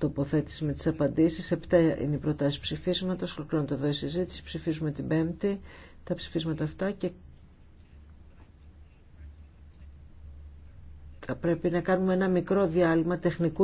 τοποθέτηση με τις απαντήσεις. Επτά είναι οι προτάσεις ψηφίσματος. Ολοκληρώνεται εδώ η συζήτηση. Ψηφίζουμε την Πέμπτη τα ψηφίσματα αυτά και θα πρέπει να κάνουμε ένα μικρό διάλειμμα τεχνικού